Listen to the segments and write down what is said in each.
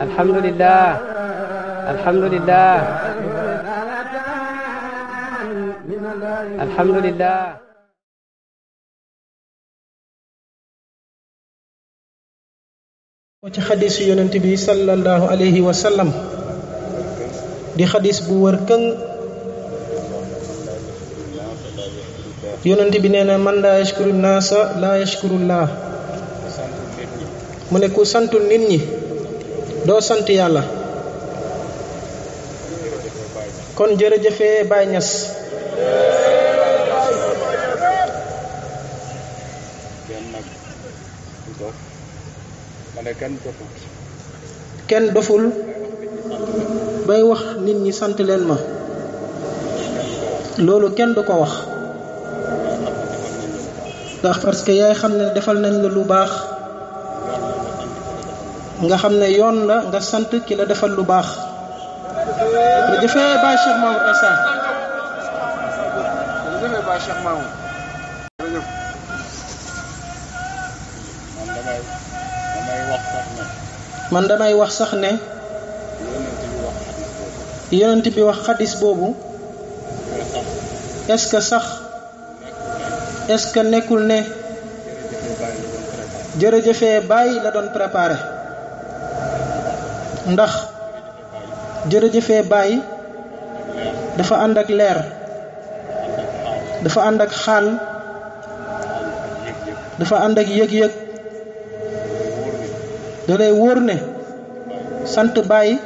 alhamdulilah alhamdulilah alhamdulilah. ci xadiisu yonent bi sallallahu alayhi wa sallam di xadiis bu wër këng. yonent bi nee na man laa yashkuru naasa laa mu ne ku santul nit ñi doo sant yàlla kon jërëjëfee Baay Ñas kenn doful bay wax nit ñi sant leen ma loolu kenn du ko wax ndax parce que yaay xam ne defal nañ la lu baax nga xam ne yoon la nga sant ki la defal lu baax bu jëfee Baay Cheikh Mamour Insa man damay wax sax ne yonent bi wax xadis boobu est-ce que sax est-ce que nekkul ne jërëjëfee bàyyi la doon préparé ndax jërëjëfee bàyyi dafa ànd ak leer dafa ànd ak xaal dafa ànd ak yëg-yëg da lay wóor ne sant bàyyi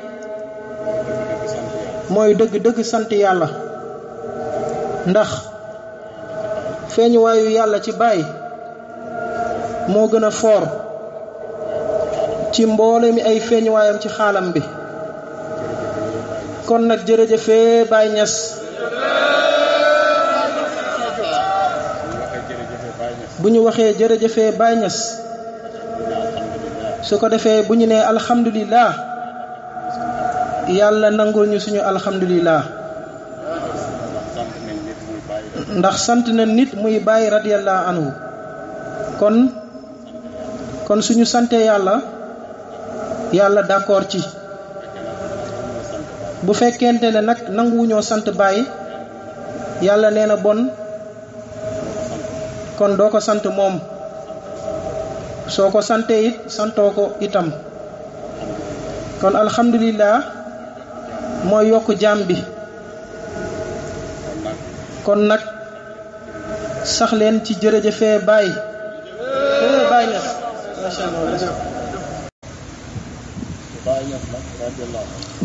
mooy dëgg-dëgg sant yàlla ndax feeñu yàlla ci baay moo gën a foor ci mboole mi ay feeñu ci xaalam bi kon nag jërëjëfee Baay Ñas bu ñu waxee jërëjëfee Baay Ñas su ko defee bu ñu nee alhamdulillah yàlla nangul suñu alhamdulillah ndax sant na nit muy bàyyi radiyallahu anhu kon kon suñu sante yàlla yàlla d'accord ci bu fekkente ne nag nanguwuñoo sant bàyyi yàlla nee na bon kon doo ko sant moom soo ko sante it santoo ko itam kon alhamdulillah mooy yokk jaam bi kon nag saxleen ci jërëjëfee Baay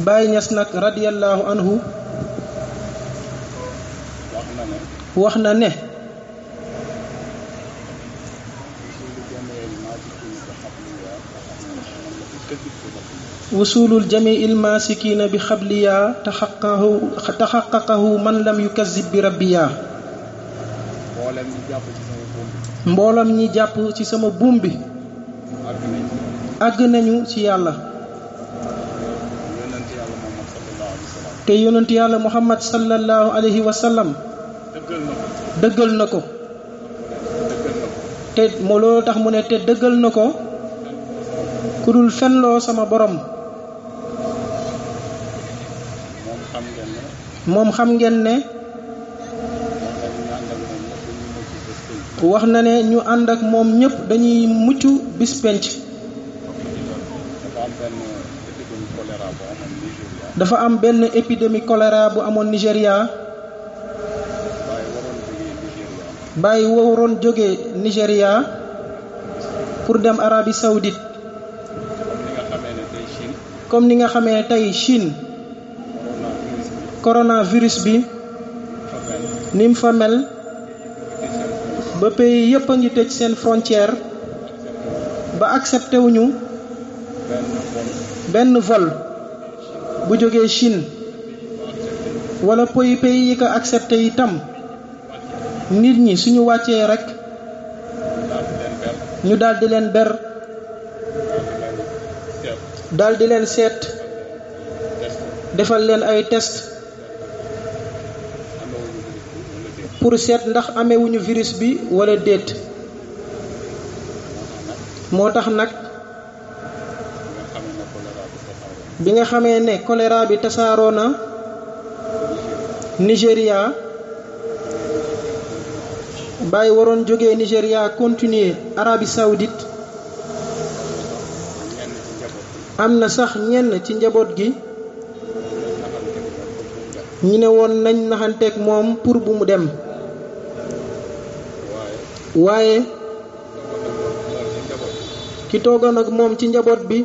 Baay Ñas nag radiyallahu anhu wax na ne wusulul jamii il maasikiina bi xabliyaa taxaqaqahu man lam yukazib bi rabbiyaa mbooloom ñi jàpp ci sama buum bi àgg nañu ci yàlla te yonent yàlla muhammad sallallahu alayhi dëggal na ko te moo loolu tax mu ne te dëggal na ko ku dul fenloo sama borom moom xam ngeen ne wax na ne ñu ànd ak moom ñëpp dañuy mucc bispenc dafa am benn épidémie choléra bu amoon Nigéria bàyyi waroon jóge Nigéria pour dem arabi Saoudite comme ni nga xamee tey Chine coronavirus bi ni mu fa mel ba pays yëpp a ngi tëj seen frontière ba accepté wuñu benn vol bu jógee Chine wala pays pays yi ko accepté itam nit ñi suñu wàccee rek ñu daldi leen ber daldi leen seet defal leen ay test pour seet ndax amewuñu virus bi wala déet moo tax nag bi nga xamee ne choléra bi tasaaroo na Nigéria bàyyi waroon jóge Nigéria continuer Arabie sawdit am na sax ñenn ci njaboot gi ñu ne woon nañ naxanteek moom pour bu mu dem waaye ki toogoon ak moom ci njaboot bi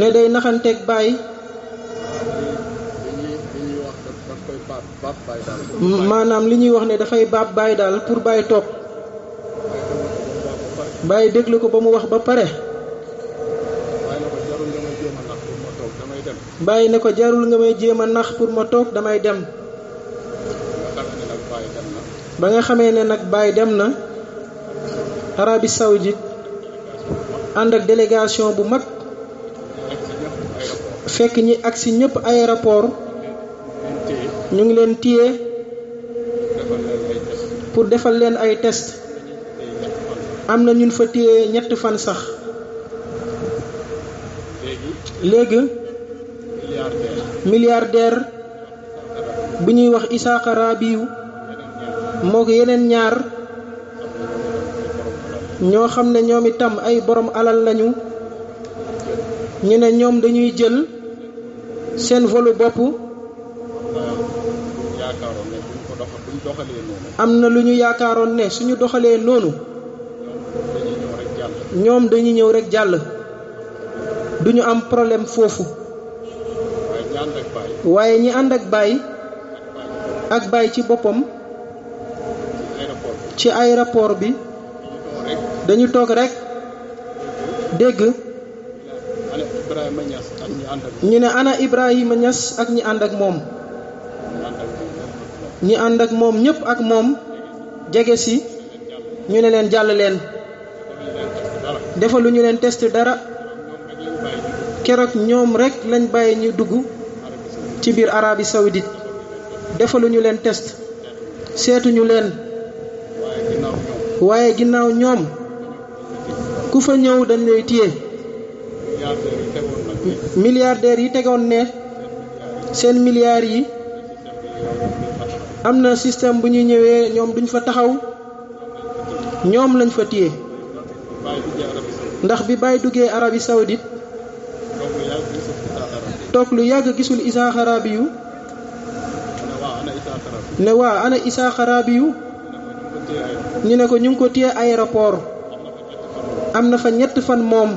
ne day naxanteeg baay maanaam li ñuy wax ne dafay baab baay daal pour baay topp baay dégle ko ba mu wax ba pare bàyyi ne ko jarul nga may jéem a nax pour ma toog damay dem ba nga xamee ne nag Baye dem na Arabie Saoudite ànd ak délégation bu mag fekk ñi agsi ñëpp aéroport ñu ngi leen téye pour defal leen ay test am na ñun fa téye ñetti fan sax léegi milliardaire bu ñuy wax Isaaqa Rabiyu moo ko yeneen ñaar ñoo xam ne ñoom itam ay boroom alal lañu ñu ne ñoom dañuy jël seen volu bopp am na lu ñu yaakaaroon ne suñu doxalee noonu ñoom dañuy ñëw rek jàll duñu am problème foofu waaye ñi ànd ak baay ak baay ci boppam ci ay aéroport bi dañu toog rek dégg ñu ne ana Ibrahima Niass ak ñi ànd ak moom ñi ànd ak moom ñépp ak moom jege si ñu ne leen jàll leen defaluñu leen test dara keroog ñoom rekk lañ bàyyi ñu dugg ci biir Arabie Saoudite defaluñu leen test seetuñu leen waaye ginnaaw ñoom ku fa ñëw dañ lay téye yi tegoon ne seen milliards yi am na système bu ñu ñëwee ñoom duñ fa taxaw ñoom lañ fa tiye ndax bi bàyyi duggee Arabie Saoudite toog lu yàgg gisul Issa Xarabi yu ne waa ana Issa Xarabi yu ñu ne ko ñu ngi ko téye aéroport am na fa ñett fan moom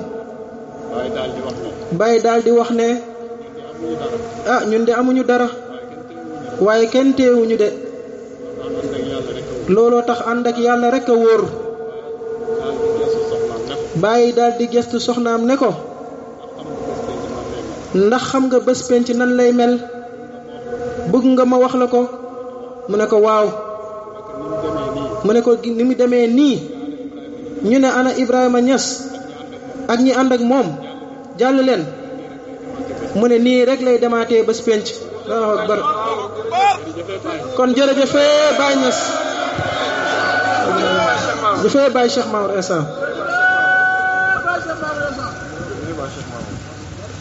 Baye daal wax ne ah ñun de amuñu dara waaye kenn teewuñu de looloo tax ànd ak yàlla rek a wóor Baye daldi gestu soxnaam ne ko ndax xam nga bés penc nan lay mel bëgg nga ma wax la ko mu ne ko waaw mu ne ko ni mu demee nii ñu ne ana Ibrahima Niass ak ñi ànd ak moom jàll leen mu ne nii rek lay demaatee bés penc Allahu akbar kon jërëjëf Baye Niass jëfee Baye Cheikh Mamour Insa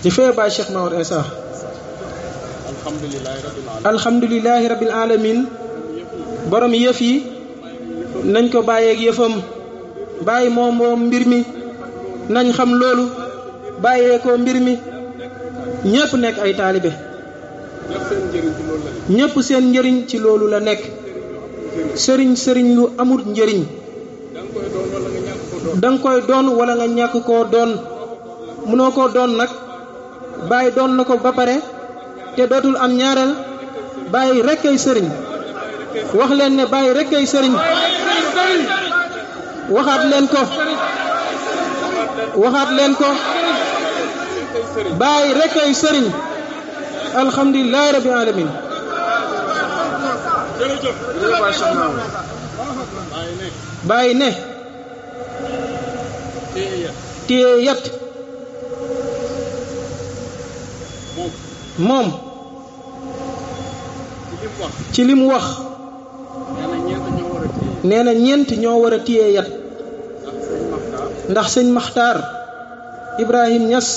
jëfee Baye rabbil alamin borom yëf yi nañ ko bàyyeeg yëfam bàyyi moom moom mbir mi nañ xam loolu bàyyeekoo mbir mi ñëpp nekk ay taalibe ñépp seen njëriñ ci loolu la nekk sëriñ sëriñ lu amut njëriñ danga koy doon wala nga ñàkk koo doon mënoo koo doon nag bàyyi doon na ko ba pare te dootul am ñaareel bàyyi rekk ay sëriñ wax ne bàyyi rekk ay sëriñ waxaat leen ko waxaat leen ko baay rek ay sëriñ alhamdulilahi rabbi alamin baay ne téye moom ci li mu wax nee na ñeent ñoo war a téye yat ndax seen maxtaar ibrahim ñas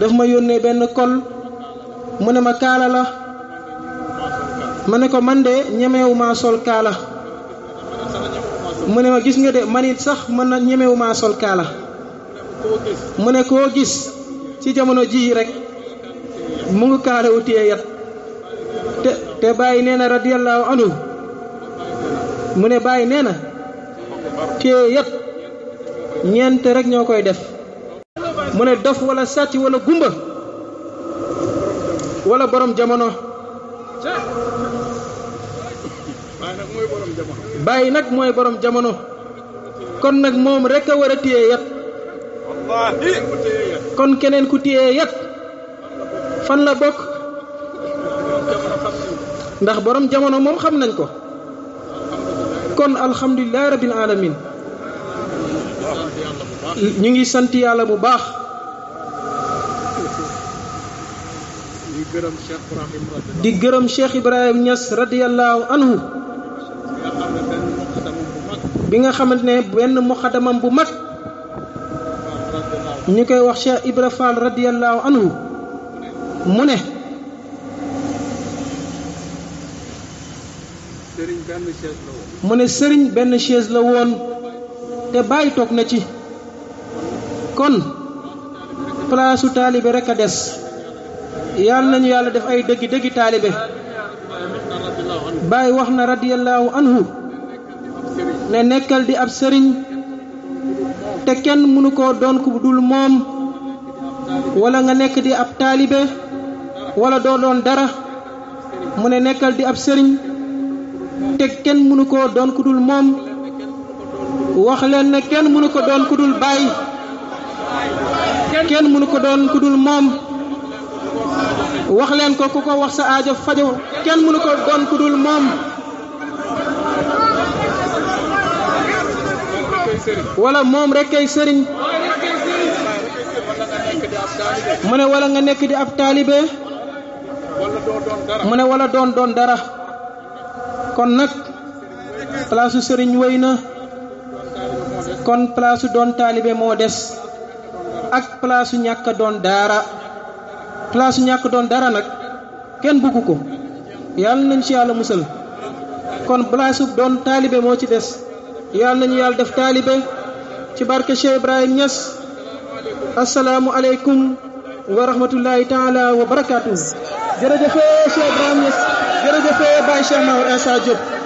daf ma yónnee benn kol mu ne ma kaala la ma ne ko man de ñemeewu maa sol kaala mu ne ma gis nga de man it sax mën na ñemeewu maa sol kaala mu ne koo gis ci jamono ji rek mu ngi kaalawu téye yat te te bàyyi nee na radiyallahu anhu mu ne bàyyi nee na téye yëpp ñeent rek ñoo koy def mu ne dof wala sàcc wala gumba wala borom jamono bàyyi nag mooy borom jamono kon nag moom rek a war a téye yat kon keneen ku téye yat fan la bokk ndax borom jamono moom xam nañ ko kon alhamdulilahi rabbil alamin ñu ngi sant yàlla bu baax di gërëm Cheikh Ibrahim Niass radiyallahu anhu bi nga xamante ne benn muxadamam bu mag ñu koy wax Cheikh Ibra Fall radiyallahu anhu mu ne sëriñ benn mu ne sëriñ benn chaise la woon te bàyyi toog na ci. kon palaasu taalibe rek a des. yàlla nañu yàlla def ay dëggi dëggi taalibe. Baay wax na radiyallahu anhu ne nekkal di ab sëriñ te kenn mënu koo doon ku dul moom wala nga nekk di ab taalibe walla doo doon dara mu ne nekkal di ab sëriñ te kenn mënu koo doon ku dul moom leen ne kenn mënu ko doon ku dul baay kenn mënu ko doon ku dul moom wax leen ko ku ko wax sa ajo fajo kenn mënu ko doon ku dul moom wala moom rek kay sëriñ mu ne wala nga nekk di ab taalibe mu ne wala doon doon dara kon nag palaasu sëriñ woy na kon palaasu doon taalibe moo des ak palaasu ñàkk doon daara palaasu ñàkk doon dara nag kenn bugg ko yàlla nañ ci yàlla musal kon palaasu doon taalibe moo ci des yàlla nañu yàlla def taalibe ci barke Cheikh Ibrahim Niass asalaamu aleykum wa rahmatullahi taala wa barakaatu jërëjëf Cheikh Ibrahim Niass jërëjëf Baye Cheikh Maodo Insa Diop